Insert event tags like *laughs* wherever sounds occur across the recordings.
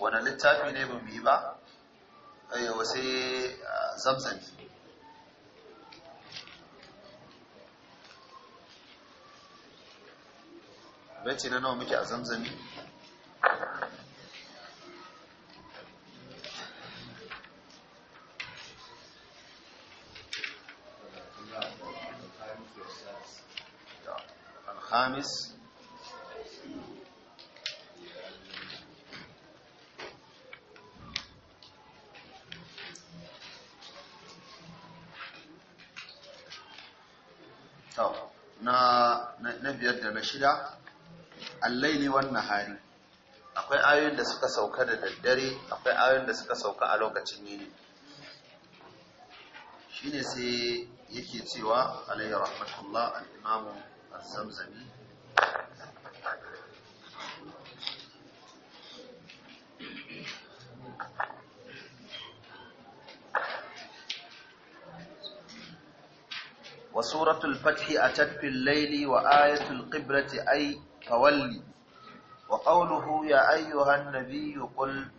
wani littafi ne ba mu yi ba yawa eh, sai ah, zamzami bace na nawa muke a zamzami الخامس na biyar da na shida allaini wan hari. akwai ayoyin da suka sauka da daddare akwai ayoyin da suka sauka a lokacin yini shine sai yake cewa alayhi rahmatullah al'imamu imam az-zamzami وسورة الفتح أتت في الليل وآية القبرة أي فولي وقوله يا أيها النبي قل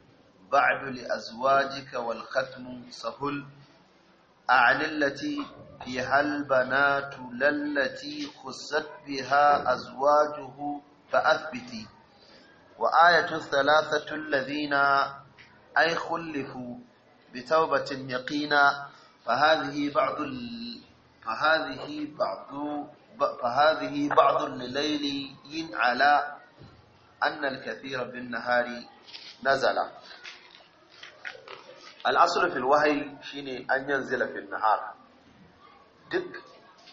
بعد لأزواجك والختم سهل أعن التي فيها البنات للتي خست بها أزواجه فأثبتي وآية الثلاثة الذين أي خلفوا بتوبة يقينا فهذه بعض فهذه بعض فهذه بعض الليل على أن الكثير بالنهار نزل الأصل في الوحي شيني أن ينزل في النهار duk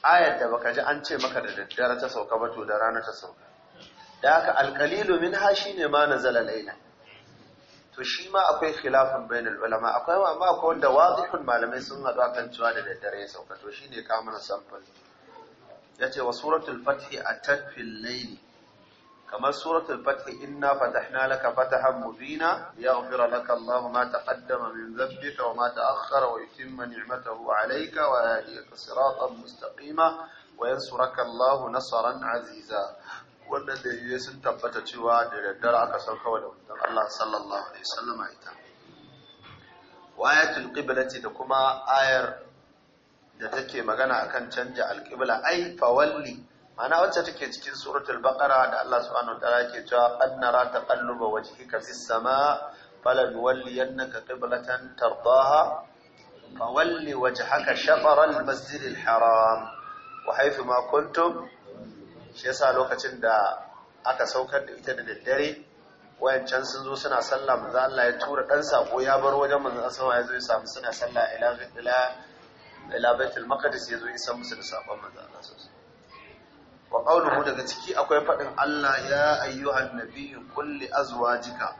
ayar da baka ji an ce maka da daddare ta sauka ba to da rana ta sauka da haka alqalilu minha shine ma nazala to shi ma akwai khilafin bainul ulama akwai amma akwai wanda malamai sun hadu akan cewa da daddare ya sauka to shine ka mana yace wa suratul fathi atat fil layl kamar suratul fathi inna fatahna laka fatahan mubina yaghfir laka Allahu ma taqaddama min dhanbika wa ma ta'akhkhara wa yutimma ni'matahu 'alayka wa yahdika siratan mustaqima wa yansuraka Allahu nasran 'aziza dalilai sun tabbata cewa da daddare aka kawai da mutum Allah sallallahu alaihi wasallam ita wayatul qiblati da kuma ayar da take magana akan canja alqibla ai fawalli mana wacce take cikin suratul baqara da Allah subhanahu wataala yake cewa qad nara taqalluba wajhika fis samaa falanwalliyannaka qiblatan tardaha fawalli wajhaka haka al-masjidil haram wa haythu ma kuntum shi yasa lokacin da aka saukar da ita da daddare wayancan sun zo suna sallah manzo Allah ya tura dan sako ya bar wajen manzo asawa ya zo ya samu suna sallah ila ila ila baitul maqdis ya zo ya samu musu da sabon manzo Allah sosai wa qawluhu daga ciki akwai fadin Allah ya ayyuhan nabiyyu kulli azwajika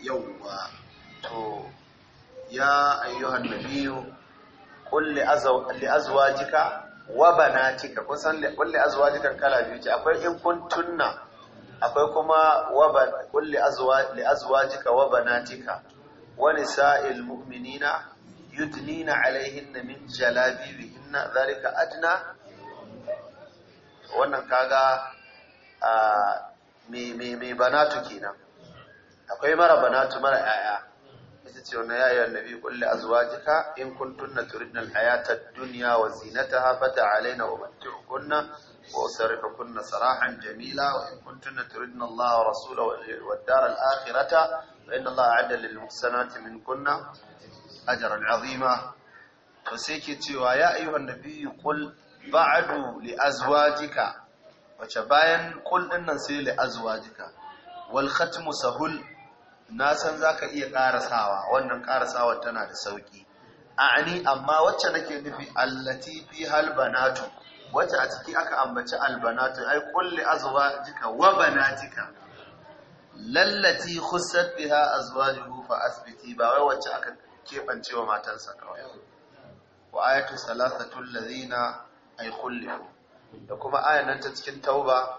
yawwa to ya ayyuhan nabiyyu kulli azwajika wa banatika kun san kulli azwajikan kala biyu ce akwai in kuntunna akwai kuma wa kulli azwa li azwajika wa banatika wa nisa'il mu'minina yudnina alaihinna min jalabibihinna zalika adna wannan kaga a ah, me me banatu kenan akwai mara banatu mara 'ya'ya cewa ya yi annabi kulli azwajika in kuntunna turidna alhayata ad-dunya wa zinataha fata'alaina umatti'ukunna wa usarrifukunna sarahan jamila wa in kuntunna turidna Allah wa rasulahu wad dar al-akhirata fa inna Allah a'adda lil muhsanati minkunna ajran 'azima to sai ke cewa ya ayyuhan nabiyyu qul ba'du li azwajika wace bayan qul dinnan sai li azwajika wal khatmu sahul na san za ka iya ƙarasawa wannan ƙarasawa tana da sauƙi a'ani amma wacce nake nufi allati fi banatu! wacce a ciki aka ambaci albanatu ai kulli azwa jika wa banatika lallati khussat biha azwajuhu fa asbiti ba wai wacce aka kebance wa matansa kawai wa ayatu salasatu allazina ai khullu da kuma ayatan ta cikin tauba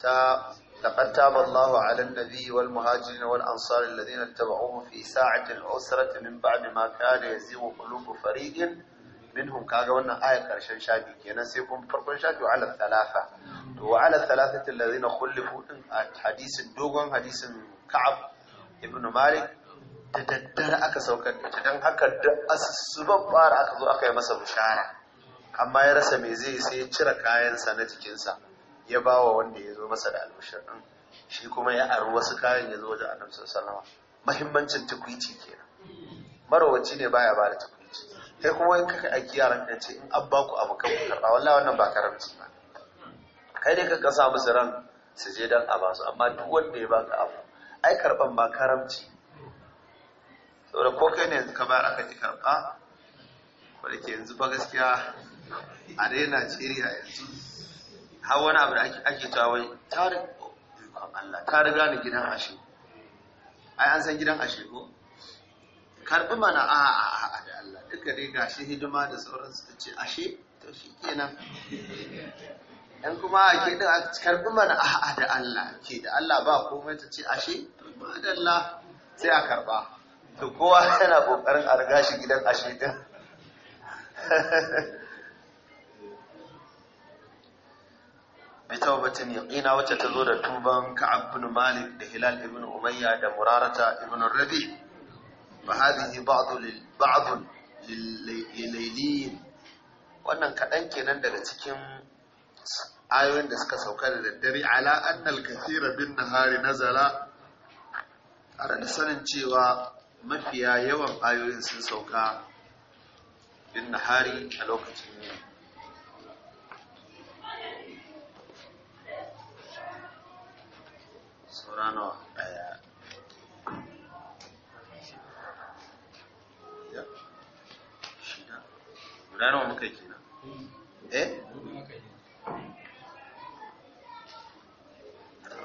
ta لقد تاب الله على النبي والمهاجرين والأنصار الذين اتبعوه في ساعة العسرة من بعد ما كان يزيغ قلوب فريق منهم كاغا وانا آية كرشان شادي كينا سيكون فرقان شادي وعلى الثلاثة وعلى الثلاثة الذين خلفوا حديث الدوغن حديث كعب ابن مالك تددر أكا سوكان تدن أكا أسبب بار أكا ذو أكا يمسا بشارة أما يرسم يزيه سيتشرك آيان سنة جنسا ya ba wa wanda ya zo masa da albushir ɗin shi kuma ya aru wasu kayan ya zo wajen annabi sallallahu alaihi mahimmancin tukwici kenan marowaci ne baya ba da tukwici kai kuma in ka aiki yaran ka ce in an baku abu kan karɓa wallahi wannan ba karamci ba kai ne ka sa musu ran su je dan a basu amma duk wanda ya baka abu ai karɓan ba karamci saboda ko kai ne ka bayar aka ki karɓa ko da ke yanzu ba gaskiya a dai Najeriya yanzu har wani abu da ake cewa wai ta riga ni gidan ashe ai an san gidan ashe ko karbi mana a a a da Allah duka dai shi hidima da sauransu ta ce ashe to shi kenan dan kuma a ke da karbi mana a a da Allah ke da Allah ba komai ta ce ashe to ba da Allah sai a karba to kowa yana kokarin a riga shi gidan ashe din *laughs* bi tawbatin yaqina wacce ta zo da tuban Ka'ab ibn Malik da Hilal ibn Umayya da Murarata ibn Rabi fa hadhihi ba'd lil ba'd lil wannan kadan kenan daga cikin ayoyin da suka sauka da daddare ala annal kathira bin nahari nazala tare da sanin cewa mafiya yawan ayoyin sun sauka bin nahari a lokacin yini saura nawa guda nawa muka eh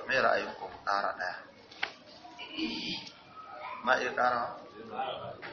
mai ra'ayin ku ƙara ɗaya ma iya